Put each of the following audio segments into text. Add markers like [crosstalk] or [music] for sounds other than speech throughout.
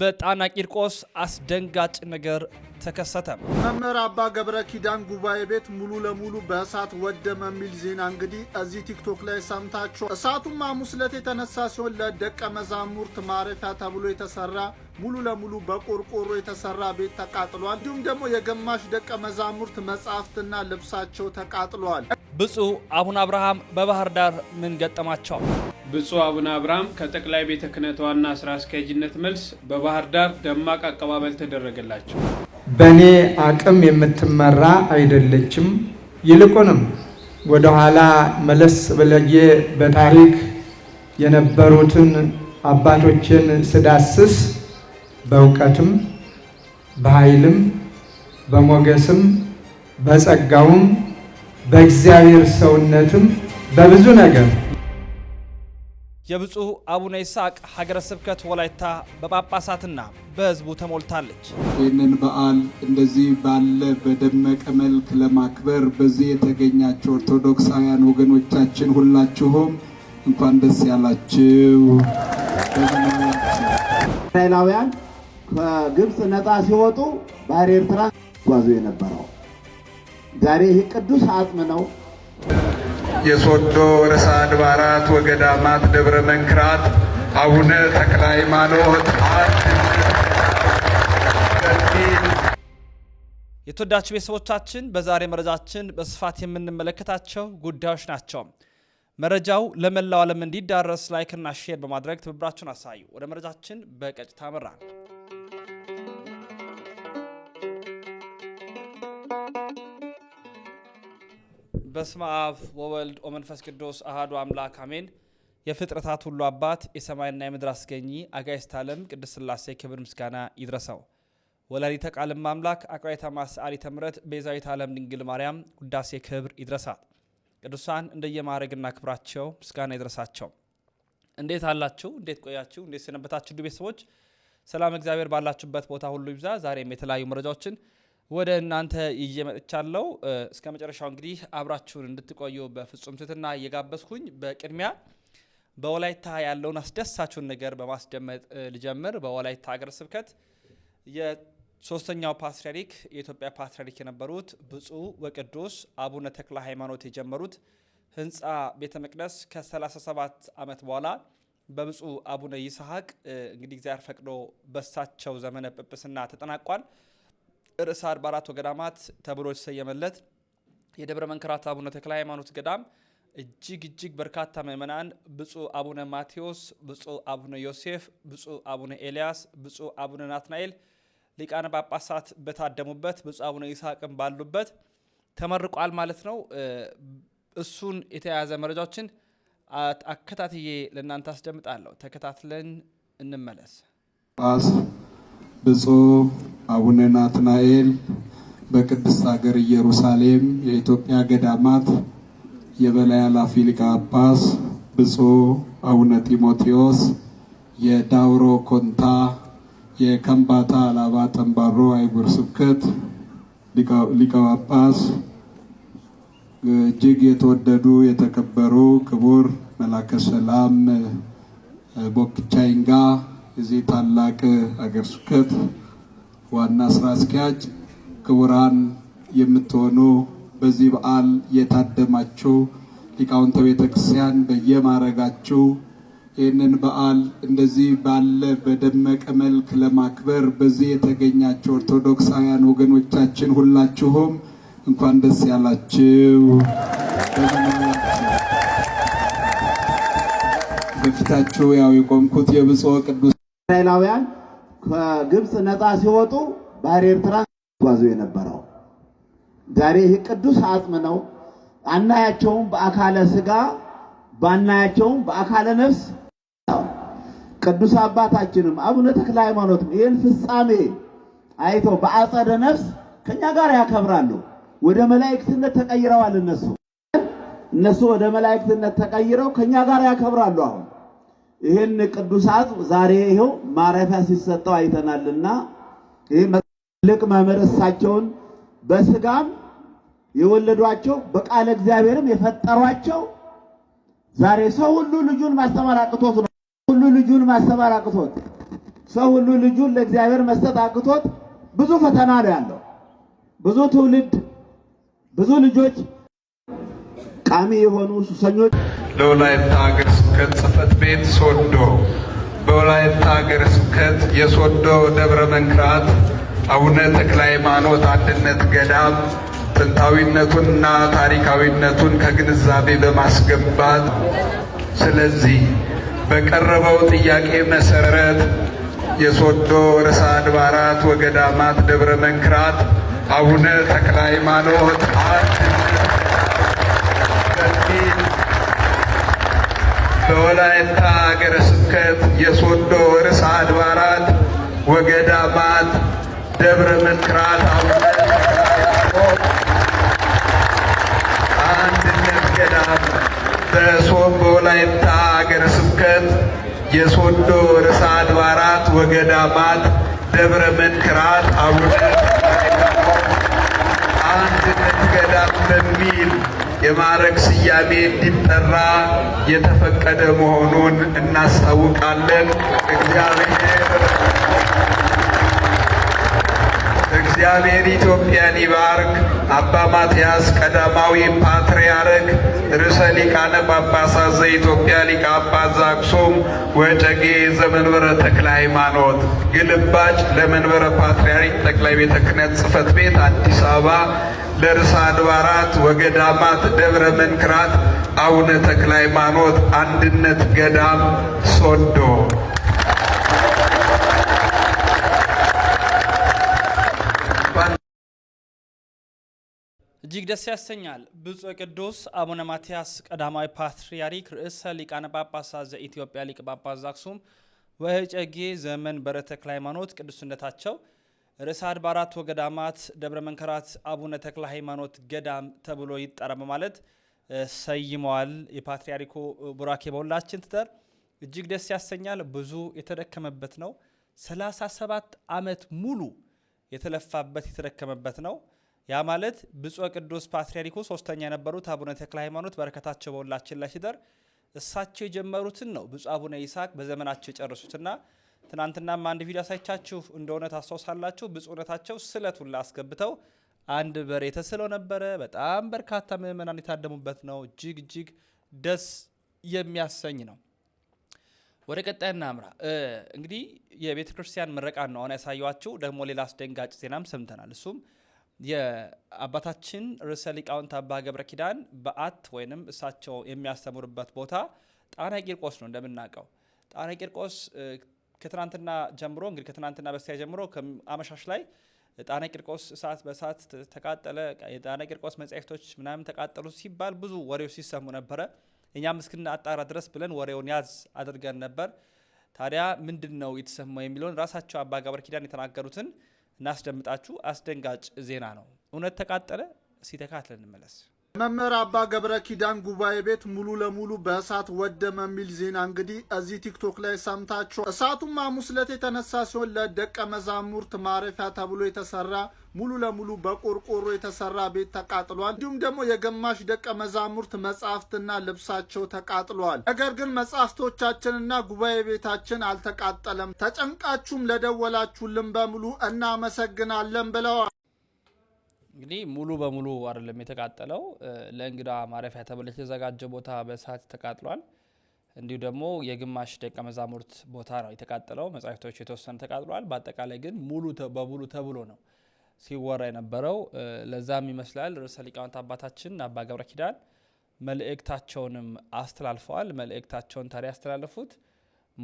በጣና ቂርቆስ አስደንጋጭ ነገር ተከሰተ። መምህር አባ ገብረ ኪዳን ጉባኤ ቤት ሙሉ ለሙሉ በእሳት ወደመ የሚል ዜና እንግዲህ እዚህ ቲክቶክ ላይ ሰምታችሁ። እሳቱም ሐሙስ ዕለት የተነሳ ሲሆን ለደቀ መዛሙርት ማረፊያ ተብሎ የተሰራ ሙሉ ለሙሉ በቆርቆሮ የተሰራ ቤት ተቃጥሏል። እንዲሁም ደግሞ የግማሽ ደቀ መዛሙርት መጽሐፍትና ልብሳቸው ተቃጥሏል። ብፁዕ አቡነ አብርሃም በባህር ዳር ምን ገጠማቸው? ብፁዕ አቡነ አብርሃም ከጠቅላይ ቤተ ክህነት ዋና ስራ አስኪያጅነት መልስ በባህር ዳር ደማቅ አቀባበል ተደረገላቸው። በእኔ አቅም የምትመራ አይደለችም። ይልቁንም ወደኋላ መለስ ብለጌ በታሪክ የነበሩትን አባቶችን ስዳስስ በእውቀትም በኃይልም በሞገስም በጸጋውም በእግዚአብሔር ሰውነትም በብዙ ነገር የብፁዕ አቡነ ይስሐቅ ሀገረ ስብከት ወላይታ በጳጳሳትና በሕዝቡ ተሞልታለች። ይህንን በዓል እንደዚህ ባለ በደመቀ መልክ ለማክበር በዚህ የተገኛቸው ኦርቶዶክሳውያን ወገኖቻችን ሁላችሁም እንኳን ደስ ያላችሁ። እስራኤላውያን ከግብፅ ነፃ ሲወጡ ባህር ኤርትራ ጓዙ የነበረው ዛሬ ይህ ቅዱስ አጽም ነው። የሶዶ ርዕሰ አድባራት ወገዳማት ደብረ መንክራት አቡነ ተክለ ሃይማኖት የተወዳችሁ ቤተሰቦቻችን በዛሬ መረጃችን በስፋት የምንመለከታቸው ጉዳዮች ናቸው። መረጃው ለመላው ዓለም እንዲዳረስ ላይክና ሼር በማድረግ ትብብራችሁን አሳዩ። ወደ መረጃችን በቀጥታ መራል። በስመ አብ ወወልድ ወመንፈስ ቅዱስ አህዱ አምላክ አሜን። የፍጥረታት ሁሉ አባት የሰማይና የምድር አስገኚ አጋዕዝተ ዓለም ቅድስት ሥላሴ ክብር ምስጋና ይድረሰው። ወላዲተ ቃልም አምላክ አቅራይታ ማስአሊተ ምሕረት ቤዛዊት ዓለም ድንግል ማርያም ውዳሴ ክብር ይድረሳት። ቅዱሳን እንደየማዕረግና ክብራቸው ምስጋና ይድረሳቸው። እንዴት አላችሁ? እንዴት ቆያችሁ? እንዴት ሰነበታችሁ? ቤተሰቦች ሰላም እግዚአብሔር ባላችሁበት ቦታ ሁሉ ይብዛ። ዛሬም የተለያዩ መረጃዎችን ወደ እናንተ እየመጥቻለው እስከ መጨረሻው እንግዲህ አብራችሁን እንድትቆዩ በፍጹም ትትና እየጋበዝኩኝ በቅድሚያ በወላይታ ያለውን አስደሳችሁን ነገር በማስደመጥ ልጀምር። በወላይታ ሀገረ ስብከት የሶስተኛው ፓትርያርክ የኢትዮጵያ ፓትርያርክ የነበሩት ብፁዕ ወቅዱስ አቡነ ተክለ ሃይማኖት የጀመሩት ህንፃ ቤተ መቅደስ ከ37 ዓመት በኋላ በብፁዕ አቡነ ይስሐቅ እንግዲህ እግዚአብሔር ፈቅዶ በሳቸው ዘመነ ጵጵስና ተጠናቋል። ርዕሰ አድባራት ወገዳማት ተብሎ የተሰየመለት የደብረ መንከራት አቡነ ተክለ ሃይማኖት ገዳም እጅግ እጅግ በርካታ ምእመናን ብፁዕ አቡነ ማቴዎስ፣ ብፁዕ አቡነ ዮሴፍ፣ ብፁዕ አቡነ ኤልያስ፣ ብፁዕ አቡነ ናትናኤል ሊቃነ ጳጳሳት በታደሙበት ብፁዕ አቡነ ይስሐቅም ባሉበት ተመርቋል ማለት ነው። እሱን የተያያዘ መረጃዎችን አከታትዬ ለእናንተ አስደምጣለሁ። ተከታትለን እንመለስ። ብፁዕ አቡነ ናትናኤል በቅድስት ሀገር ኢየሩሳሌም የኢትዮጵያ ገዳማት የበላይ ኃላፊ ሊቀ ጳጳስ፣ ብፁዕ አቡነ ጢሞቴዎስ የዳውሮ ኮንታ የከምባታ አላባ ጠንባሮ አህጉረ ስብከት ሊቀ ጳጳስ፣ እጅግ የተወደዱ የተከበሩ ክቡር መላከ ሰላም ቦክቻይንጋ የዚህ ታላቅ አገር ስብከት ዋና ስራ አስኪያጅ ክቡራን የምትሆኑ በዚህ በዓል የታደማችሁ ሊቃውንተ ቤተ ክርስቲያን ይህንን በዓል እንደዚህ ባለ በደመቀ መልክ ለማክበር በዚህ የተገኛችሁ ኦርቶዶክሳውያን ወገኖቻችን ሁላችሁም እንኳን ደስ ያላችሁ። በፊታችሁ ያው የቆምኩት የብፁዕ ቅዱስ እስራኤላውያን ከግብፅ ነፃ ሲወጡ ባህረ ኤርትራን ጓዙ የነበረው ዛሬ ይህ ቅዱስ አጽም ነው። አናያቸውም በአካለ ስጋ ባናያቸውም በአካለ ነፍስ ቅዱስ አባታችንም አቡነ ተክለ ሃይማኖትም ይህን ፍጻሜ አይተው በአጸደ ነፍስ ከኛ ጋር ያከብራሉ። ወደ መላእክትነት ተቀይረዋል። እነሱ እነሱ ወደ መላእክትነት ተቀይረው ከኛ ጋር ያከብራሉ አሁን ይህን ቅዱሳት ዛሬ ይኸው ማረፊያ ሲሰጠው አይተናልና ይህ ትልቅ መምህር እሳቸውን በስጋም የወለዷቸው በቃለ እግዚአብሔርም የፈጠሯቸው ዛሬ ሰው ሁሉ ልጁን ማስተማር አቅቶት ነው። ሁሉ ልጁን ማስተማር አቅቶት፣ ሰው ሁሉ ልጁን ለእግዚአብሔር መስጠት አቅቶት ብዙ ፈተና ነው ያለው። ብዙ ትውልድ፣ ብዙ ልጆች ቃሚ የሆኑ ሱሰኞች ሎው ላይፍ ስብከት ጽሕፈት ቤት ሶዶ፣ በወላይታ ሀገረ ስብከት የሶዶ ደብረ መንክራት አቡነ ተክለ ሃይማኖት አንድነት ገዳም ጥንታዊነቱንና ታሪካዊነቱን ከግንዛቤ በማስገባት ስለዚህ በቀረበው ጥያቄ መሰረት የሶዶ ርዕሰ አድባራት ወገዳማት ደብረ መንክራት አቡነ ተክለ ሃይማኖት ከወላይታ ሀገረ ስብከት የሶዶ ርዕሰ አድባራት ወገዳማት ደብረ መንክራት አንድነት ገዳም በሶም በወላይታ ሀገረ ስብከት የሶዶ ርዕሰ አድባራት ወገዳማት ደብረ መንክራት አቡነ አንድነት ገዳም በሚል የማዕረግ ስያሜ እንዲጠራ የተፈቀደ መሆኑን እናስታውቃለን። እግዚአብሔር ኢትዮጵያን ይባርክ። አባ ማትያስ ቀዳማዊ ፓትርያርክ ርዕሰ ሊቃነ ጳጳሳት ዘኢትዮጵያ ሊቀ ጳጳስ ዘአክሱም ወጨጌ ዘመንበረ ተክለ ሃይማኖት። ግልባጭ ለመንበረ ፓትርያርክ ጠቅላይ ቤተ ክህነት ጽሕፈት ቤት አዲስ አበባ ደርሳ አድባራት ወገዳማት ደብረ መንክራት አቡነ ተክለ ሃይማኖት አንድነት ገዳም ሶዶ እጅግ ደስ ያሰኛል። ብፁዕ ቅዱስ አቡነ ማትያስ ቀዳማዊ ፓትርያርክ ርዕሰ ሊቃነ ጳጳሳት ዘኢትዮጵያ ሊቀ ጳጳስ ዘአክሱም ወእጨጌ ዘመን ተክለ ሃይማኖት ቅዱስነታቸው ርዕሰ አድባራት ወገዳማት ደብረ መንከራት አቡነ ተክለ ሃይማኖት ገዳም ተብሎ ይጠራ በማለት ሰይመዋል። የፓትርያርኩ ቡራኬ በሁላችን ትደር። እጅግ ደስ ያሰኛል። ብዙ የተደከመበት ነው። 37 ዓመት ሙሉ የተለፋበት የተደከመበት ነው። ያ ማለት ብፁዕ ቅዱስ ፓትርያርኩ ሶስተኛ የነበሩት አቡነ ተክለ ሃይማኖት በረከታቸው በሁላችን ላይ ሲደር እሳቸው የጀመሩትን ነው ብፁዕ አቡነ ይስሐቅ በዘመናቸው የጨረሱትና ትናንትናም አንድ ቪዲዮ አሳይቻችሁ እንደሆነ ታስታውሳላችሁ። ብፁዕነታቸው ስዕለቱን አስገብተው አንድ በሬ ተስለው ነበረ። በጣም በርካታ ምእመናን የታደሙበት ነው። እጅግ እጅግ ደስ የሚያሰኝ ነው። ወደ ቀጣይ እናምራ። እንግዲህ የቤተ ክርስቲያን ምረቃን ነው አሁን ያሳየኋችሁ። ደግሞ ሌላ አስደንጋጭ ዜናም ሰምተናል። እሱም የአባታችን ርዕሰ ሊቃውንት አባ ገብረ ኪዳን በዓት ወይንም እሳቸው የሚያስተምሩበት ቦታ ጣና ቂርቆስ ነው። እንደምናውቀው ጣና ቂርቆስ ከትናንትና ጀምሮ እንግዲህ ከትናንትና በስቲያ ጀምሮ አመሻሽ ላይ ጣና ቂርቆስ እሳት በእሳት ተቃጠለ፣ የጣና ቂርቆስ መጽሐፍቶች ምናምን ተቃጠሉ ሲባል ብዙ ወሬዎች ሲሰሙ ነበረ። እኛም እስክና አጣራ ድረስ ብለን ወሬውን ያዝ አድርገን ነበር። ታዲያ ምንድን ነው የተሰማው የሚለውን ራሳቸው አባ ኪዳን የተናገሩትን እናስደምጣችሁ። አስደንጋጭ ዜና ነው። እውነት ተቃጠለ? ሲተካትለን እንመለስ። መምህር አባ ገብረ ኪዳን ጉባኤ ቤት ሙሉ ለሙሉ በእሳት ወደመ የሚል ዜና እንግዲህ እዚህ ቲክቶክ ላይ ሰምታችሁ። እሳቱም ሐሙስ ዕለት የተነሳ ሲሆን ለደቀ መዛሙርት ማረፊያ ተብሎ የተሰራ ሙሉ ለሙሉ በቆርቆሮ የተሰራ ቤት ተቃጥሏል። እንዲሁም ደግሞ የግማሽ ደቀ መዛሙርት መጽሐፍትና ልብሳቸው ተቃጥሏል። ነገር ግን መጽሐፍቶቻችንና ጉባኤ ቤታችን አልተቃጠለም። ተጨንቃችሁም ለደወላችሁልን በሙሉ እናመሰግናለን ብለዋል። እንግዲህ ሙሉ በሙሉ አይደለም የተቃጠለው። ለእንግዳ ማረፊያ ተብሎ የተዘጋጀ ቦታ በእሳት ተቃጥሏል። እንዲሁ ደግሞ የግማሽ ደቀ መዛሙርት ቦታ ነው የተቃጠለው። መጻሕፍቶች የተወሰነ ተቃጥሏል። በአጠቃላይ ግን ሙሉ በሙሉ ተብሎ ነው ሲወራ የነበረው። ለዛም ይመስላል ርዕሰ ሊቃውንት አባታችን አባ ገብረ ኪዳን መልእክታቸውንም አስተላልፈዋል። መልእክታቸውን ታዲያ ያስተላለፉት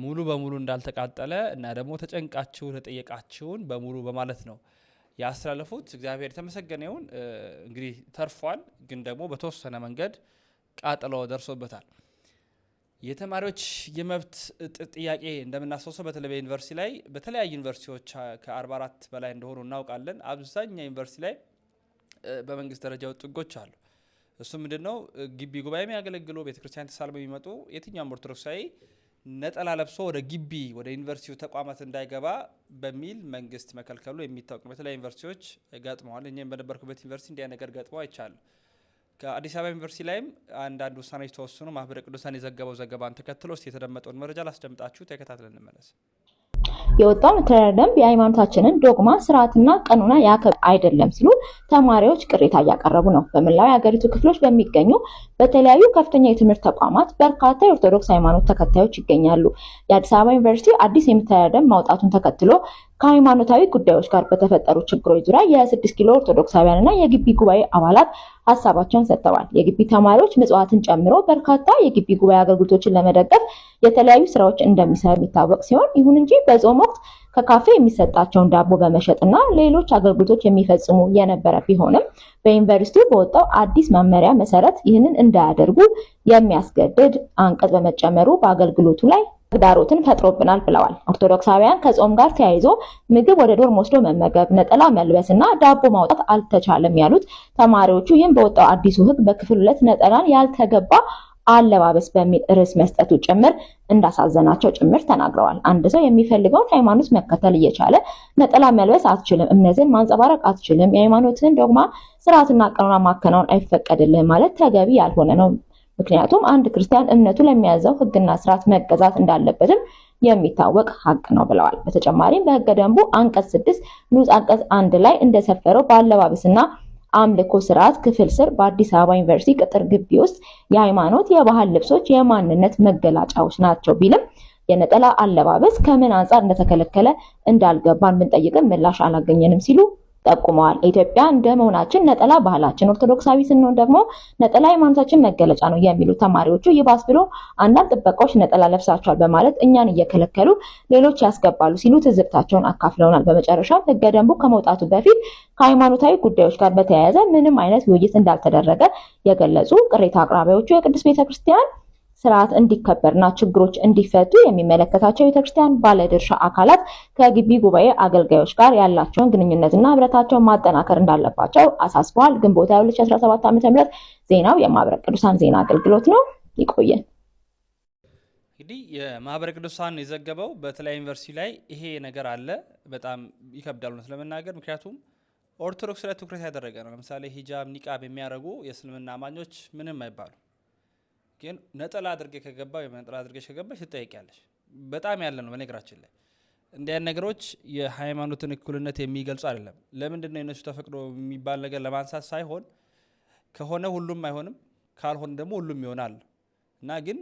ሙሉ በሙሉ እንዳልተቃጠለ እና ደግሞ ተጨንቃችሁ ተጠየቃችሁን በሙሉ በማለት ነው። ያስተላለፉት። እግዚአብሔር የተመሰገነ ይሁን። እንግዲህ ተርፏል፣ ግን ደግሞ በተወሰነ መንገድ ቃጥሎ ደርሶበታል። የተማሪዎች የመብት ጥያቄ እንደምናስታውሰው በተለይ ዩኒቨርሲቲ ላይ በተለያዩ ዩኒቨርሲቲዎች ከ44 በላይ እንደሆኑ እናውቃለን። አብዛኛው ዩኒቨርሲቲ ላይ በመንግስት ደረጃ ጥጎች አሉ። እሱ ምንድን ነው? ግቢ ጉባኤ የሚያገለግሉ ቤተክርስቲያን ተሳልመው የሚመጡ የትኛውም ኦርቶዶክሳዊ ነጠላ ለብሶ ወደ ግቢ ወደ ዩኒቨርሲቲው ተቋማት እንዳይገባ በሚል መንግስት መከልከሉ የሚታወቅ በተለያዩ ዩኒቨርሲቲዎች ገጥመዋል። እኛም በነበርኩበት ዩኒቨርሲቲ እንዲያ ነገር ገጥሞ አይቻለሁ። ከአዲስ አበባ ዩኒቨርሲቲ ላይም አንዳንድ ውሳኔዎች ተወስኑ። ማህበረ ቅዱሳን የዘገበው ዘገባን ተከትሎ ውስጥ የተደመጠውን መረጃ ላስደምጣችሁ፣ ተከታትለን እንመለስ። የወጣው መተዳደሪያ ደንብ የሃይማኖታችንን ዶግማ ስርዓትና ቀኖና ያከብ አይደለም ሲሉ ተማሪዎች ቅሬታ እያቀረቡ ነው። በመላው የሀገሪቱ ክፍሎች በሚገኙ በተለያዩ ከፍተኛ የትምህርት ተቋማት በርካታ የኦርቶዶክስ ሃይማኖት ተከታዮች ይገኛሉ። የአዲስ አበባ ዩኒቨርሲቲ አዲስ የመተዳደሪያ ደንብ ማውጣቱን ተከትሎ ከሃይማኖታዊ ጉዳዮች ጋር በተፈጠሩ ችግሮች ዙሪያ የስድስት ኪሎ ኦርቶዶክሳውያን እና የግቢ ጉባኤ አባላት ሀሳባቸውን ሰጥተዋል። የግቢ ተማሪዎች ምጽዋትን ጨምሮ በርካታ የግቢ ጉባኤ አገልግሎቶችን ለመደገፍ የተለያዩ ስራዎች እንደሚሰሩ የሚታወቅ ሲሆን ይሁን እንጂ በጾም ወቅት ከካፌ የሚሰጣቸውን ዳቦ በመሸጥ እና ሌሎች አገልግሎቶች የሚፈጽሙ የነበረ ቢሆንም በዩኒቨርሲቲው በወጣው አዲስ መመሪያ መሰረት ይህንን እንዳያደርጉ የሚያስገድድ አንቀጽ በመጨመሩ በአገልግሎቱ ላይ ተግዳሮትን ፈጥሮብናል ብለዋል። ኦርቶዶክሳውያን ከጾም ጋር ተያይዞ ምግብ ወደ ዶርም ወስዶ መመገብ፣ ነጠላ መልበስ እና ዳቦ ማውጣት አልተቻለም ያሉት ተማሪዎቹ ይህም በወጣው አዲሱ ሕግ በክፍል ሁለት ነጠላን ያልተገባ አለባበስ በሚል ርዕስ መስጠቱ ጭምር እንዳሳዘናቸው ጭምር ተናግረዋል። አንድ ሰው የሚፈልገውን ሃይማኖት መከተል እየቻለ ነጠላ መልበስ አትችልም፣ እምነትን ማንጸባረቅ አትችልም፣ የሃይማኖትህን ዶግማ ስርዓትና ቀኖና ማከናወን አይፈቀድልህም ማለት ተገቢ ያልሆነ ነው ምክንያቱም አንድ ክርስቲያን እምነቱ ለሚያዘው ህግና ስርዓት መገዛት እንዳለበትም የሚታወቅ ሀቅ ነው ብለዋል። በተጨማሪም በህገ ደንቡ አንቀጽ ስድስት ንዑስ አንቀጽ አንድ ላይ እንደሰፈረው በአለባበስና አምልኮ ስርዓት ክፍል ስር በአዲስ አበባ ዩኒቨርሲቲ ቅጥር ግቢ ውስጥ የሃይማኖት የባህል ልብሶች የማንነት መገለጫዎች ናቸው ቢልም የነጠላ አለባበስ ከምን አንጻር እንደተከለከለ እንዳልገባን ብንጠይቅም ምላሽ አላገኘንም ሲሉ ጠቁመዋል። ኢትዮጵያ እንደ መሆናችን ነጠላ ባህላችን ኦርቶዶክሳዊ ስንሆን ደግሞ ነጠላ ሃይማኖታችን መገለጫ ነው የሚሉ ተማሪዎቹ ይባስ ብሎ አንዳንድ ጥበቃዎች ነጠላ ለብሳቸዋል በማለት እኛን እየከለከሉ ሌሎች ያስገባሉ ሲሉ ትዝብታቸውን አካፍለውናል። በመጨረሻም ህገ ደንቡ ከመውጣቱ በፊት ከሃይማኖታዊ ጉዳዮች ጋር በተያያዘ ምንም አይነት ውይይት እንዳልተደረገ የገለጹ ቅሬታ አቅራቢዎቹ የቅዱስ ቤተክርስቲያን ስርዓት እንዲከበርና ችግሮች እንዲፈቱ የሚመለከታቸው የቤተክርስቲያን ባለድርሻ አካላት ከግቢ ጉባኤ አገልጋዮች ጋር ያላቸውን ግንኙነትና ህብረታቸውን ማጠናከር እንዳለባቸው አሳስበዋል። ግንቦት 2017 ዓ ም ዜናው የማህበረ ቅዱሳን ዜና አገልግሎት ነው። ይቆየን። እንግዲህ የማህበረ ቅዱሳን የዘገበው በተለያዩ ዩኒቨርሲቲ ላይ ይሄ ነገር አለ። በጣም ይከብዳል እውነት ለመናገር ምክንያቱም ኦርቶዶክስ ላይ ትኩረት ያደረገ ነው። ለምሳሌ ሂጃብ፣ ኒቃብ የሚያደርጉ የእስልምና አማኞች ምንም አይባሉ ግን ነጠላ አድርጌ ከገባ ወይም ነጠላ አድርጌች ከገባች ትጠይቂያለሽ። በጣም ያለ ነው። በነገራችን ላይ እንዲያን ነገሮች የሃይማኖትን እኩልነት የሚገልጹ አይደለም። ለምንድን ነው የነሱ ተፈቅዶ የሚባል ነገር ለማንሳት ሳይሆን ከሆነ ሁሉም አይሆንም፣ ካልሆን ደግሞ ሁሉም ይሆናል እና ግን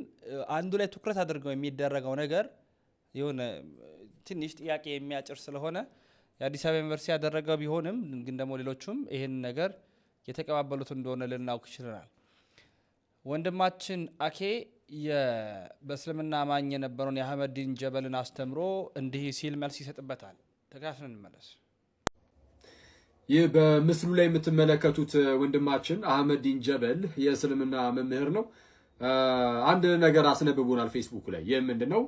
አንዱ ላይ ትኩረት አድርገው የሚደረገው ነገር የሆነ ትንሽ ጥያቄ የሚያጭር ስለሆነ የአዲስ አበባ ዩኒቨርሲቲ ያደረገው ቢሆንም ግን ደግሞ ሌሎቹም ይህን ነገር የተቀባበሉት እንደሆነ ልናውቅ ይችለናል። ወንድማችን አኬ በእስልምና አማኝ የነበረውን የአህመዲን ጀበልን አስተምሮ እንዲህ ሲል መልስ ይሰጥበታል። ተከታትለን እንመለስ። ይህ በምስሉ ላይ የምትመለከቱት ወንድማችን አህመዲን ጀበል የእስልምና መምህር ነው። አንድ ነገር አስነብቦናል ፌስቡክ ላይ። ይህ ምንድን ነው?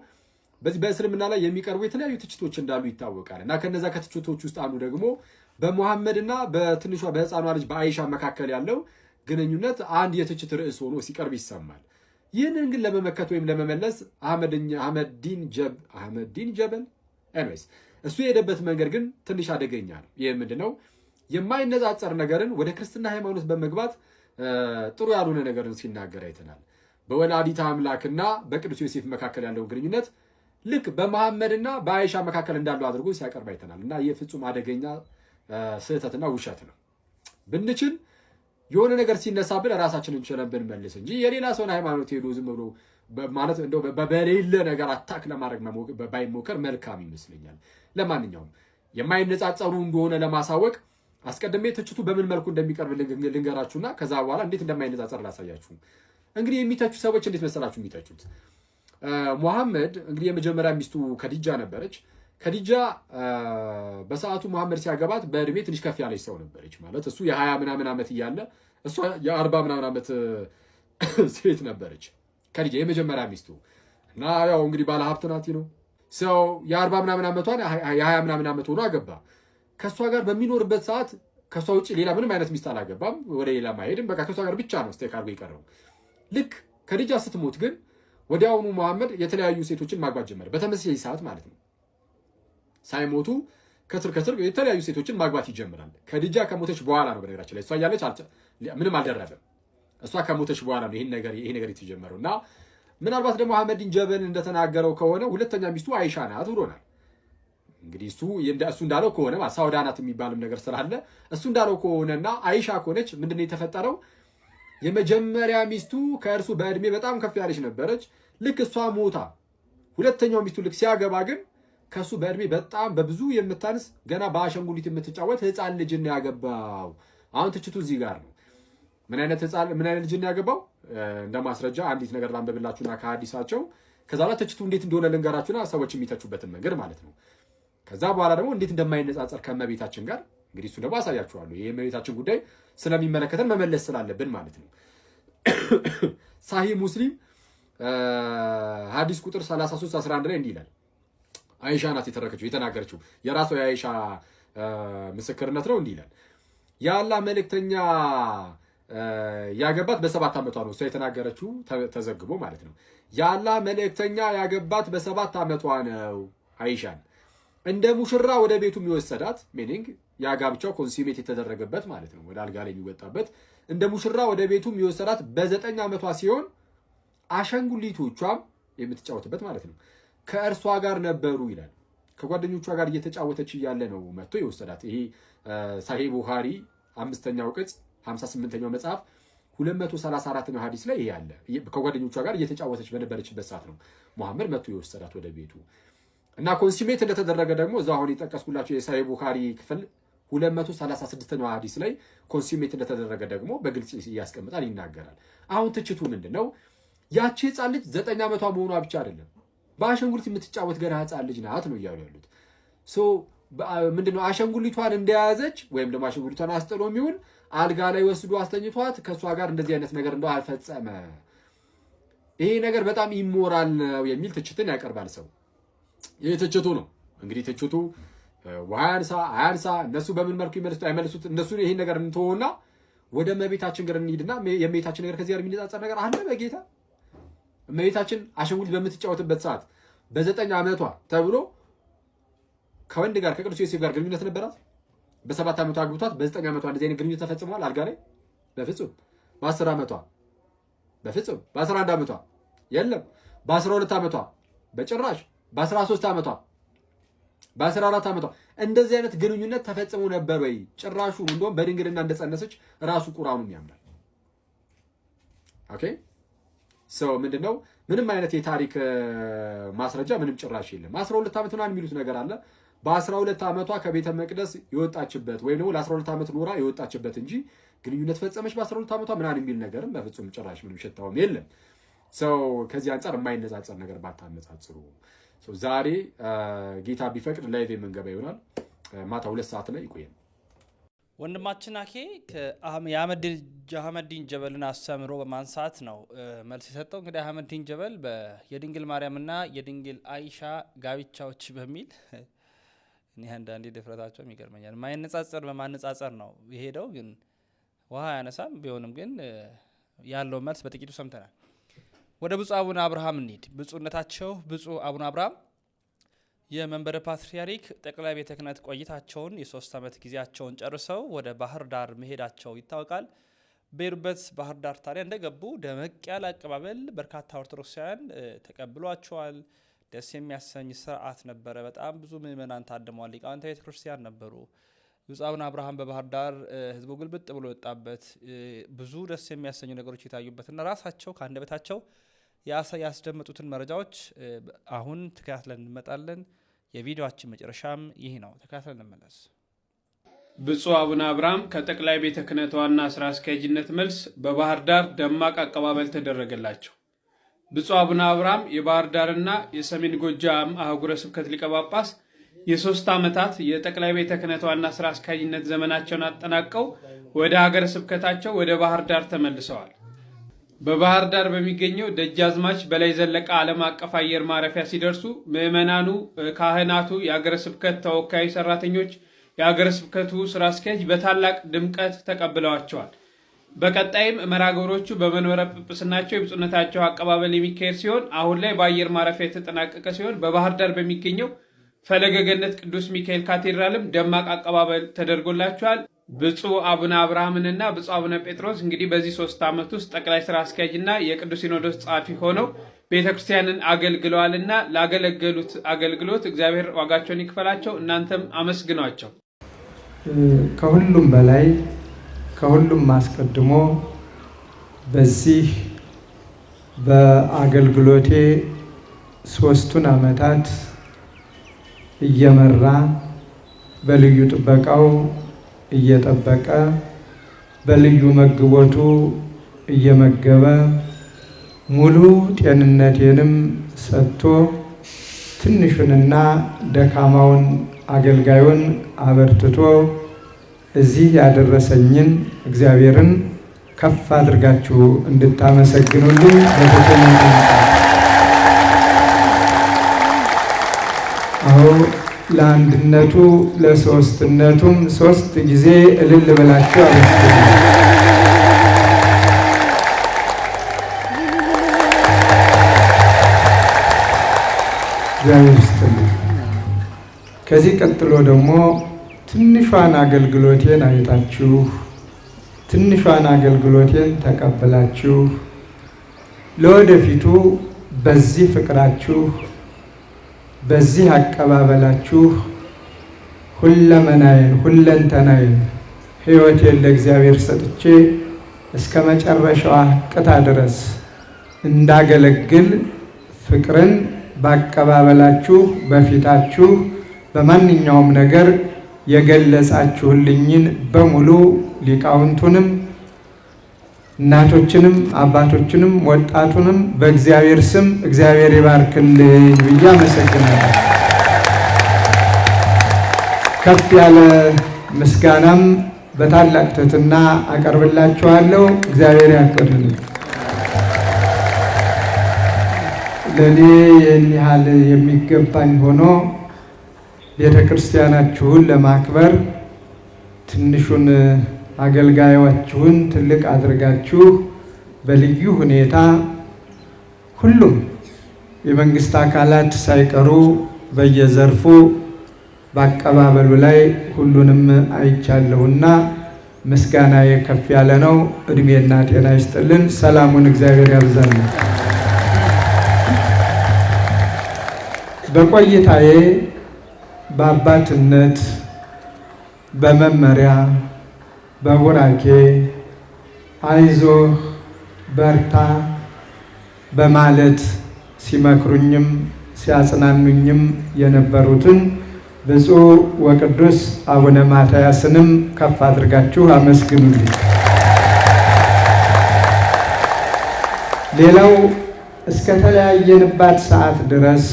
በዚህ በእስልምና ላይ የሚቀርቡ የተለያዩ ትችቶች እንዳሉ ይታወቃል እና ከነዛ ከትችቶች ውስጥ አንዱ ደግሞ በሙሐመድና በትንሿ በህፃኗ ልጅ በአይሻ መካከል ያለው ግንኙነት አንድ የትችት ርዕስ ሆኖ ሲቀርብ ይሰማል። ይህንን ግን ለመመከት ወይም ለመመለስ አህመዲን ጀበል ኤንዌይስ እሱ የሄደበት መንገድ ግን ትንሽ አደገኛ ነው። ይህ ምንድነው? የማይነጻጸር ነገርን ወደ ክርስትና ሃይማኖት በመግባት ጥሩ ያልሆነ ነገርን ሲናገር አይተናል። በወላዲታ አምላክና በቅዱስ ዮሴፍ መካከል ያለውን ግንኙነት ልክ በመሐመድና በአይሻ መካከል እንዳለው አድርጎ ሲያቀርብ አይተናል። እና ይህ ፍጹም አደገኛ ስህተትና ውሸት ነው። ብንችል የሆነ ነገር ሲነሳብን ራሳችን እንችለን ብንመልስ እንጂ የሌላ ሰውን ሃይማኖት ሄዶ ዝም ብሎ ማለት እንደው በሌለ ነገር አታክ ለማድረግ ባይሞከር መልካም ይመስለኛል። ለማንኛውም የማይነጻጸሩ እንደሆነ ለማሳወቅ አስቀድሜ ትችቱ በምን መልኩ እንደሚቀርብ ልንገራችሁና ከዛ በኋላ እንዴት እንደማይነጻጸር ላሳያችሁ። እንግዲህ የሚተቹ ሰዎች እንዴት መሰላችሁ የሚተቹት? ሙሐመድ እንግዲህ የመጀመሪያ ሚስቱ ከዲጃ ነበረች። ከዲጃ በሰዓቱ መሐመድ ሲያገባት በእድሜ ትንሽ ከፍ ያለች ሰው ነበረች። ማለት እሱ የሀያ ምናምን ዓመት እያለ እሷ የአርባ ምናምን ዓመት [coughs] ሴት ነበረች ከዲጃ የመጀመሪያ ሚስቱ እና ያው እንግዲህ ባለሀብት ናት ነው ሰው የአርባ ምናምን ዓመቷን የሀያ ምናምን ዓመት ሆኖ አገባ። ከእሷ ጋር በሚኖርበት ሰዓት ከእሷ ውጭ ሌላ ምንም አይነት ሚስት አላገባም። ወደ ሌላ ማሄድም በቃ ከእሷ ጋር ብቻ ነው ስቴክ አድርጎ የቀረው። ልክ ከዲጃ ስትሞት ግን ወዲያውኑ መሐመድ የተለያዩ ሴቶችን ማግባት ጀመረ፣ በተመሳሳይ ሰዓት ማለት ነው። ሳይሞቱ ከስር ከስር የተለያዩ ሴቶችን ማግባት ይጀምራል። ከድጃ ከሞተች በኋላ ነው በነገራችን ላይ እሷ እያለች ምንም አልደረበም። እሷ ከሞተች በኋላ ነው ይሄ ነገር የተጀመረው እና ምናልባት ደግሞ አህመዲን ጀበል እንደተናገረው ከሆነ ሁለተኛ ሚስቱ አይሻ ናት ብሎናል። እንግዲህ እሱ እንዳለው ከሆነ ሳውዳ ናት የሚባልም ነገር ስላለ እሱ እንዳለው ከሆነና አይሻ ከሆነች ምንድነው የተፈጠረው? የመጀመሪያ ሚስቱ ከእርሱ በእድሜ በጣም ከፍ ያለች ነበረች። ልክ እሷ ሞታ ሁለተኛው ሚስቱ ልክ ሲያገባ ግን ከሱ በእድሜ በጣም በብዙ የምታንስ ገና በአሻንጉሊት የምትጫወት ህፃን ልጅን ያገባው። አሁን ትችቱ እዚህ ጋር ነው። ምን አይነት ህፃን ምን አይነት ያገባው? እንደ ማስረጃ አንዲት ነገር ላንበብላችሁና ከሀዲሳቸው ከዛ በኋላ ትችቱ እንዴት እንደሆነ ልንገራችሁና ሰዎች የሚተቹበትን መንገድ ማለት ነው። ከዛ በኋላ ደግሞ እንዴት እንደማይነጻጸር ከእመቤታችን ጋር እንግዲህ እሱ ደግሞ አሳያችኋሉ። ይህ የእመቤታችን ጉዳይ ስለሚመለከተን መመለስ ስላለብን ማለት ነው። [coughs] ሳሂ ሙስሊም ሀዲስ ቁጥር 3311 ላይ እንዲህ ይላል አይሻ ናት የተረከችው የተናገረችው የራሷ የአይሻ ምስክርነት ነው። እንዲህ ይላል የአላህ መልእክተኛ ያገባት በሰባት ዓመቷ ነው። እሷ የተናገረችው ተዘግቦ ማለት ነው። የአላህ መልእክተኛ ያገባት በሰባት ዓመቷ ነው። አይሻን እንደ ሙሽራ ወደ ቤቱ የሚወሰዳት ሚኒንግ የጋብቻው ኮንሲሜት የተደረገበት ማለት ነው። ወደ አልጋ ላይ የሚወጣበት እንደ ሙሽራ ወደ ቤቱ የሚወሰዳት በዘጠኝ ዓመቷ ሲሆን አሻንጉሊቶቿም የምትጫወትበት ማለት ነው። ከእርሷ ጋር ነበሩ ይላል። ከጓደኞቿ ጋር እየተጫወተች እያለ ነው መጥቶ የወሰዳት። ይሄ ሳሂህ ቡኻሪ አምስተኛው ቅጽ 58ኛው መጽሐፍ 234 ነው ሀዲስ ላይ ይሄ አለ። ከጓደኞቿ ጋር እየተጫወተች በነበረችበት ሰዓት ነው ሙሐመድ መጥቶ የወሰዳት ወደ ቤቱ እና ኮንሲሜት እንደተደረገ ደግሞ እዛ አሁን የጠቀስኩላቸው የሳሂህ ቡኻሪ ክፍል 236ኛው ሀዲስ ላይ ኮንሲሜት እንደተደረገ ደግሞ በግልጽ ያስቀምጣል፣ ይናገራል። አሁን ትችቱ ምንድን ነው? ያቺ ህፃን ልጅ ዘጠኝ ዓመቷ መሆኗ ብቻ አይደለም በአሻንጉሊት የምትጫወት ገና ህፃን ልጅ ናት ነው እያሉ ያሉት። ምንድነው አሻንጉሊቷን እንደያዘች ወይም ደግሞ አሻንጉሊቷን አስጥሎ የሚሆን አልጋ ላይ ወስዶ አስተኝቷት ከእሷ ጋር እንደዚህ አይነት ነገር እንደ አልፈጸመ ይሄ ነገር በጣም ይሞራል ነው የሚል ትችትን ያቀርባል ሰው። ይህ ትችቱ ነው እንግዲህ ትችቱ ዋያንሳ አያንሳ እነሱ በምን መልኩ ይመልሱት አይመልሱት እነሱ ይህን ነገር እንትሆና ወደ እመቤታችን ጋር እንሂድና የእመቤታችን ነገር ከዚህ ጋር የሚነጻጸር ነገር አለ በጌታ እመቤታችን አሻንጉሊት በምትጫወትበት ሰዓት በዘጠኝ ዓመቷ ተብሎ ከወንድ ጋር ከቅዱስ ዮሴፍ ጋር ግንኙነት ነበራት። በሰባት ዓመቷ አግብቷት በዘጠኝ ዓመቷ እንደዚህ አይነት ግንኙነት ተፈጽመዋል አልጋ ላይ በፍጹም በአስር ዓመቷ በፍጹም በአስራ አንድ ዓመቷ የለም በአስራ ሁለት ዓመቷ በጭራሽ በአስራ ሶስት ዓመቷ በአስራ አራት ዓመቷ እንደዚህ አይነት ግንኙነት ተፈጽሞ ነበር ወይ? ጭራሹ እንደውም በድንግልና እንደጸነሰች ራሱ ቁራኑም ያምናል። ኦኬ ሰው ምንድን ነው ምንም አይነት የታሪክ ማስረጃ ምንም ጭራሽ የለም። አስራ ሁለት ዓመት ምናምን የሚሉት ነገር አለ። በአስራ ሁለት ዓመቷ ከቤተ መቅደስ የወጣችበት ወይም ደግሞ ለአስራ ሁለት ዓመት ኖራ የወጣችበት እንጂ ግንኙነት ፈጸመች በአስራ ሁለት ዓመቷ ምናምን የሚል ነገርም በፍጹም ጭራሽ ምንም ሽታውም የለም። ሰው ከዚህ አንጻር የማይነጻጸር ነገር ባታነጻጽሩ። ዛሬ ጌታ ቢፈቅድ ላይቭ የምንገባ ይሆናል። ማታ ሁለት ሰዓት ላይ ይቆየን። ወንድማችን አኬ የአህመዲን ጀበልን አስተምሮ በማንሳት ነው መልስ የሰጠው። እንግዲህ አህመዲን ጀበል የድንግል ማርያምና የድንግል አይሻ ጋብቻዎች በሚል [laughs] እኔ አንዳንዴ ድፍረታቸውም ይገርመኛል። ማይነጻጸር በማነጻጸር ነው የሄደው፣ ግን ውሃ አያነሳም። ቢሆንም ግን ያለው መልስ በጥቂቱ ሰምተናል። ወደ ብፁ አቡነ አብርሃም እንሂድ። ብፁነታቸው ብፁ አቡነ አብርሃም የመንበረ ፓትርያርክ ጠቅላይ ቤተ ክህነት ቆይታቸውን የሶስት ዓመት ጊዜያቸውን ጨርሰው ወደ ባህር ዳር መሄዳቸው ይታወቃል። በሄዱበት ባህር ዳር ታዲያ እንደገቡ ደመቅ ያለ አቀባበል በርካታ ኦርቶዶክሳውያን ተቀብሏቸዋል። ደስ የሚያሰኝ ስርዓት ነበረ። በጣም ብዙ ምዕመናን ታድመዋል። ሊቃውንተ ቤተ ክርስቲያን ነበሩ። ብፁዕ አቡነ አብርሃም በባህር ዳር ህዝቡ ግልብጥ ብሎ የወጣበት ብዙ ደስ የሚያሰኙ ነገሮች የታዩበትና ራሳቸው ከአንደበታቸው ያስደመጡትን መረጃዎች አሁን ተከታትለን እንመጣለን። የቪዲዮችን መጨረሻም ይህ ነው። ተከታተል እንመለስ። ብፁዕ አቡነ አብርሃም ከጠቅላይ ቤተ ክህነት ዋና ስራ አስኪያጅነት መልስ በባህር ዳር ደማቅ አቀባበል ተደረገላቸው። ብፁዕ አቡነ አብርሃም የባህር ዳርና የሰሜን ጎጃም አህጉረ ስብከት ሊቀ ጳጳስ የሶስት ዓመታት የጠቅላይ ቤተ ክህነት ዋና ስራ አስኪያጅነት ዘመናቸውን አጠናቀው ወደ ሀገረ ስብከታቸው ወደ ባህር ዳር ተመልሰዋል። በባህር ዳር በሚገኘው ደጃዝማች በላይ ዘለቀ ዓለም አቀፍ አየር ማረፊያ ሲደርሱ ምዕመናኑ፣ ካህናቱ፣ የአገረ ስብከት ተወካይ ሰራተኞች፣ የአገረ ስብከቱ ስራ አስኪያጅ በታላቅ ድምቀት ተቀብለዋቸዋል። በቀጣይም መርሃ በመኖረ በመንበረ ጵጵስናቸው የብፁዕነታቸው አቀባበል የሚካሄድ ሲሆን አሁን ላይ በአየር ማረፊያ የተጠናቀቀ ሲሆን በባህር ዳር በሚገኘው ፈለገ ገነት ቅዱስ ሚካኤል ካቴድራልም ደማቅ አቀባበል ተደርጎላቸዋል። ብፁዕ አቡነ አብርሃምንና ብፁዕ አቡነ ጴጥሮስ እንግዲህ በዚህ ሶስት ዓመት ውስጥ ጠቅላይ ስራ አስኪያጅና የቅዱስ ሲኖዶስ ጸሐፊ ሆነው ቤተ ክርስቲያንን አገልግለዋልና ላገለገሉት አገልግሎት እግዚአብሔር ዋጋቸውን ይክፈላቸው። እናንተም አመስግኗቸው። ከሁሉም በላይ ከሁሉም አስቀድሞ በዚህ በአገልግሎቴ ሶስቱን ዓመታት እየመራ በልዩ ጥበቃው እየጠበቀ በልዩ መግቦቱ እየመገበ ሙሉ ጤንነቴንም ሰጥቶ ትንሹንና ደካማውን አገልጋዩን አበርትቶ እዚህ ያደረሰኝን እግዚአብሔርን ከፍ አድርጋችሁ እንድታመሰግኑልኝ በተገኘ አሁ ለአንድነቱ ለሶስትነቱም ሶስት ጊዜ እልል ብላችሁ አመስግኑ። ከዚህ ቀጥሎ ደግሞ ትንሿን አገልግሎቴን አይታችሁ ትንሿን አገልግሎቴን ተቀብላችሁ ለወደፊቱ በዚህ ፍቅራችሁ በዚህ አቀባበላችሁ ሁለመናዬን ሁለንተናዬን ሕይወቴን ለእግዚአብሔር ሰጥቼ እስከ መጨረሻዋ ቅታ ድረስ እንዳገለግል ፍቅርን በአቀባበላችሁ በፊታችሁ በማንኛውም ነገር የገለጻችሁልኝን በሙሉ ሊቃውንቱንም እናቶችንም አባቶችንም ወጣቱንም በእግዚአብሔር ስም እግዚአብሔር ይባርክልኝ ብዬ አመሰግናለሁ። ከፍ ያለ ምስጋናም በታላቅ ትሕትና አቀርብላችኋለሁ። እግዚአብሔር ያክብርልኝ። ለእኔ ይህን ያህል የሚገባኝ ሆኖ ቤተ ክርስቲያናችሁን ለማክበር ትንሹን አገልጋዮችሁን ትልቅ አድርጋችሁ በልዩ ሁኔታ ሁሉም የመንግስት አካላት ሳይቀሩ በየዘርፉ በአቀባበሉ ላይ ሁሉንም አይቻለሁና ምስጋና የከፍ ያለ ነው። እድሜና ጤና ይስጥልን። ሰላሙን እግዚአብሔር ያብዛልን። በቆይታዬ በአባትነት በመመሪያ በቡራኬ አይዞህ በርታ በማለት ሲመክሩኝም ሲያጽናኑኝም የነበሩትን ብፁዕ ወቅዱስ አቡነ ማትያስንም ከፍ አድርጋችሁ አመስግኑልኝ። ሌላው እስከተለያየንባት ሰዓት ድረስ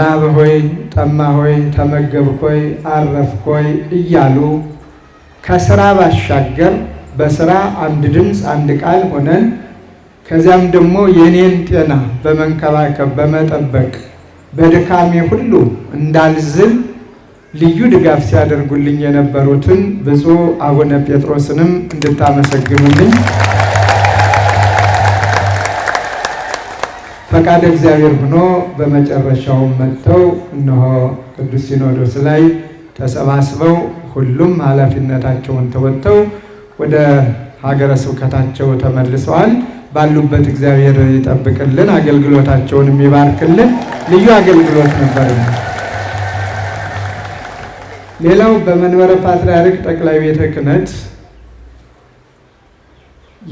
ራብ ሆይ፣ ጠማ ሆይ፣ ተመገብኮይ፣ አረፍኮይ እያሉ ከስራ ባሻገር በስራ አንድ ድምፅ አንድ ቃል ሆነን ከዚያም ደግሞ የኔን ጤና በመንከባከብ በመጠበቅ በድካሜ ሁሉ እንዳልዝል ልዩ ድጋፍ ሲያደርጉልኝ የነበሩትን ብፁዕ አቡነ ጴጥሮስንም እንድታመሰግኑልኝ ፈቃድ እግዚአብሔር ሆኖ በመጨረሻውም መጥተው እነሆ ቅዱስ ሲኖዶስ ላይ ተሰባስበው ሁሉም ኃላፊነታቸውን ተወጥተው ወደ ሀገረ ስብከታቸው ተመልሰዋል። ባሉበት እግዚአብሔር ይጠብቅልን፣ አገልግሎታቸውን የሚባርክልን። ልዩ አገልግሎት ነበር። ሌላው በመንበረ ፓትርያርክ ጠቅላይ ቤተ ክህነት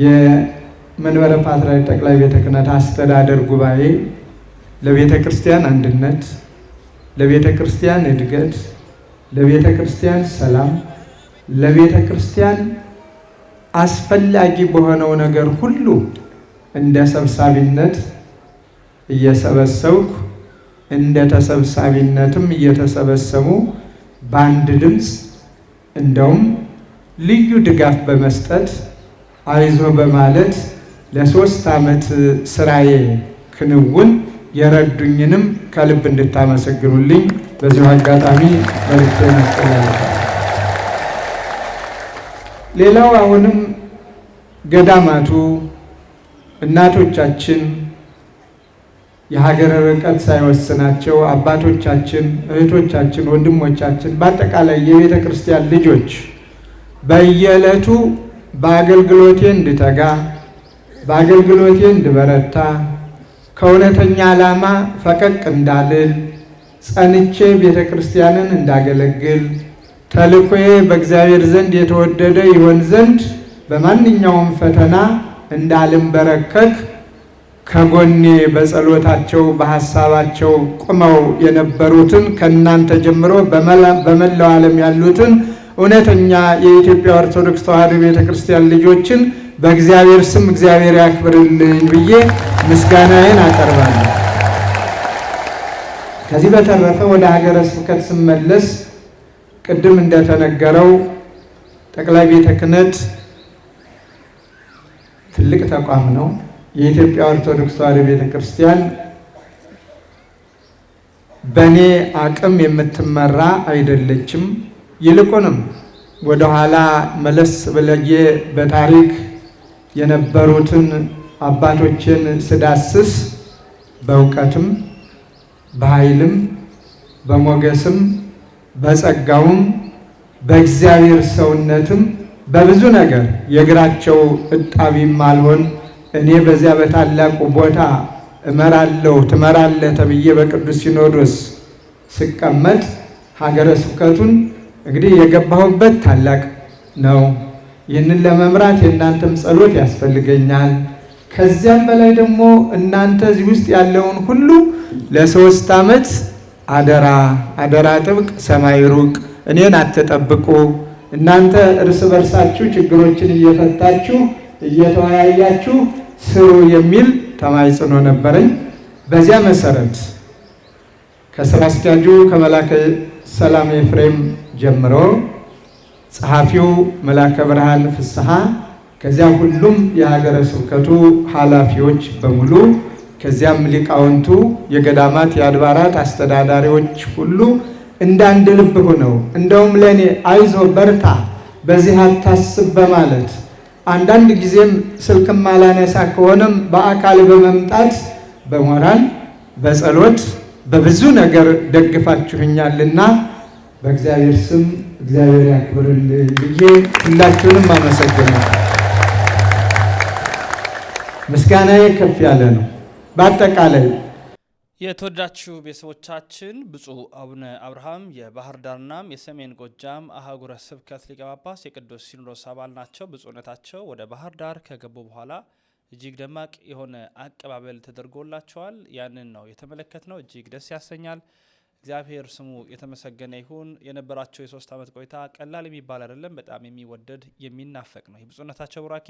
የመንበረ ፓትርያርክ ጠቅላይ ቤተ ክህነት አስተዳደር ጉባኤ ለቤተ ክርስቲያን አንድነት፣ ለቤተ ክርስቲያን እድገት ለቤተ ክርስቲያን ሰላም፣ ለቤተ ክርስቲያን አስፈላጊ በሆነው ነገር ሁሉ እንደ ሰብሳቢነት እየሰበሰብኩ እንደ ተሰብሳቢነትም እየተሰበሰቡ በአንድ ድምፅ እንደውም ልዩ ድጋፍ በመስጠት አይዞ በማለት ለሶስት ዓመት ስራዬ ክንውን የረዱኝንም ከልብ እንድታመሰግኑልኝ በዚሁ አጋጣሚ መልዕክት እናስተላልፋል። ሌላው አሁንም ገዳማቱ እናቶቻችን የሀገር ርቀት ሳይወስናቸው አባቶቻችን፣ እህቶቻችን፣ ወንድሞቻችን በአጠቃላይ የቤተ ክርስቲያን ልጆች በየዕለቱ በአገልግሎቴ እንድተጋ በአገልግሎቴ እንድበረታ ከእውነተኛ ዓላማ ፈቀቅ እንዳልል ጸንቼ ቤተ ክርስቲያንን እንዳገለግል ተልኮዬ በእግዚአብሔር ዘንድ የተወደደ ይሆን ዘንድ በማንኛውም ፈተና እንዳልንበረከክ ከጎኔ በጸሎታቸው በሐሳባቸው ቁመው የነበሩትን ከእናንተ ጀምሮ በመላው ዓለም ያሉትን እውነተኛ የኢትዮጵያ ኦርቶዶክስ ተዋሕዶ ቤተ ክርስቲያን ልጆችን በእግዚአብሔር ስም እግዚአብሔር ያክብርልኝ ብዬ ምስጋናዬን አቀርባለሁ። ከዚህ በተረፈ ወደ ሀገረ ስብከት ስመለስ ቅድም እንደተነገረው ጠቅላይ ቤተ ክህነት ትልቅ ተቋም ነው። የኢትዮጵያ ኦርቶዶክስ ተዋሕዶ ቤተ ክርስቲያን በእኔ አቅም የምትመራ አይደለችም። ይልቁንም ወደኋላ መለስ ብለዬ በታሪክ የነበሩትን አባቶችን ስዳስስ በእውቀትም በኃይልም በሞገስም በጸጋውም በእግዚአብሔር ሰውነትም በብዙ ነገር የእግራቸው እጣቢም አልሆን። እኔ በዚያ በታላቁ ቦታ እመራለሁ ትመራለህ ተብዬ በቅዱስ ሲኖዶስ ስቀመጥ ሀገረ ስብከቱን እንግዲህ የገባሁበት ታላቅ ነው። ይህንን ለመምራት የእናንተም ጸሎት ያስፈልገኛል። ከዚያም በላይ ደግሞ እናንተ እዚህ ውስጥ ያለውን ሁሉ ለሶስት ዓመት አደራ አደራ፣ ጥብቅ ሰማይ ሩቅ፣ እኔን አትጠብቁ። እናንተ እርስ በርሳችሁ ችግሮችን እየፈታችሁ እየተወያያችሁ ስሩ የሚል ተማጽኖ ነበረኝ። በዚያ መሰረት ከስራ አስኪያጁ ከመላከ ሰላም ኤፍሬም ጀምሮ ጸሐፊው መላከ ብርሃን ፍስሐ ከዚያ ሁሉም የሀገረ ስብከቱ ኃላፊዎች በሙሉ ከዚያም ሊቃውንቱ፣ የገዳማት የአድባራት አስተዳዳሪዎች ሁሉ እንደ አንድ ልብ ሆነው እንደውም ለእኔ አይዞ በርታ፣ በዚህ አታስብ በማለት አንዳንድ ጊዜም ስልክም አላነሳ ከሆነም በአካል በመምጣት በሞራል በጸሎት በብዙ ነገር ደግፋችሁኛልና በእግዚአብሔር ስም እግዚአብሔር ያክብርልኝ ብዬ ሁላችሁንም አመሰግናለሁ። ምስጋናዬ ከፍ ያለ ነው። በአጠቃላይ የተወዳችሁ ቤተሰቦቻችን ብፁዕ አቡነ አብርሃም የባህር ዳርናም የሰሜን ጎጃም አህጉረ ስብከት ሊቀ ጳጳስ የቅዱስ ሲኖዶስ አባል ናቸው። ብፁዕነታቸው ወደ ባህር ዳር ከገቡ በኋላ እጅግ ደማቅ የሆነ አቀባበል ተደርጎላቸዋል። ያንን ነው የተመለከት ነው። እጅግ ደስ ያሰኛል። እግዚአብሔር ስሙ የተመሰገነ ይሁን። የነበራቸው የሶስት ዓመት ቆይታ ቀላል የሚባል አይደለም። በጣም የሚወደድ የሚናፈቅ ነው የብፁዕነታቸው ቡራኬ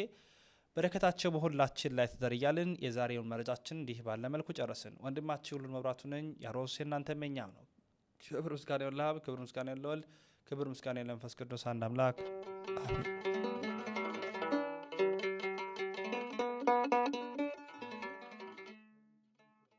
በረከታቸው በሁላችን ላይ ትደር እያልን የዛሬውን መረጃችን እንዲህ መልኩ ጨረስን። ወንድማችሁ ሁሉን መብራቱ ነኝ። ያሮስ የእናንተ መኛም ነው። ክብር ምስጋና ለአብ፣ ክብር ምስጋና ለወልድ፣ ክብር ምስጋና ለመንፈስ ቅዱስ አንድ አምላክ አሜን።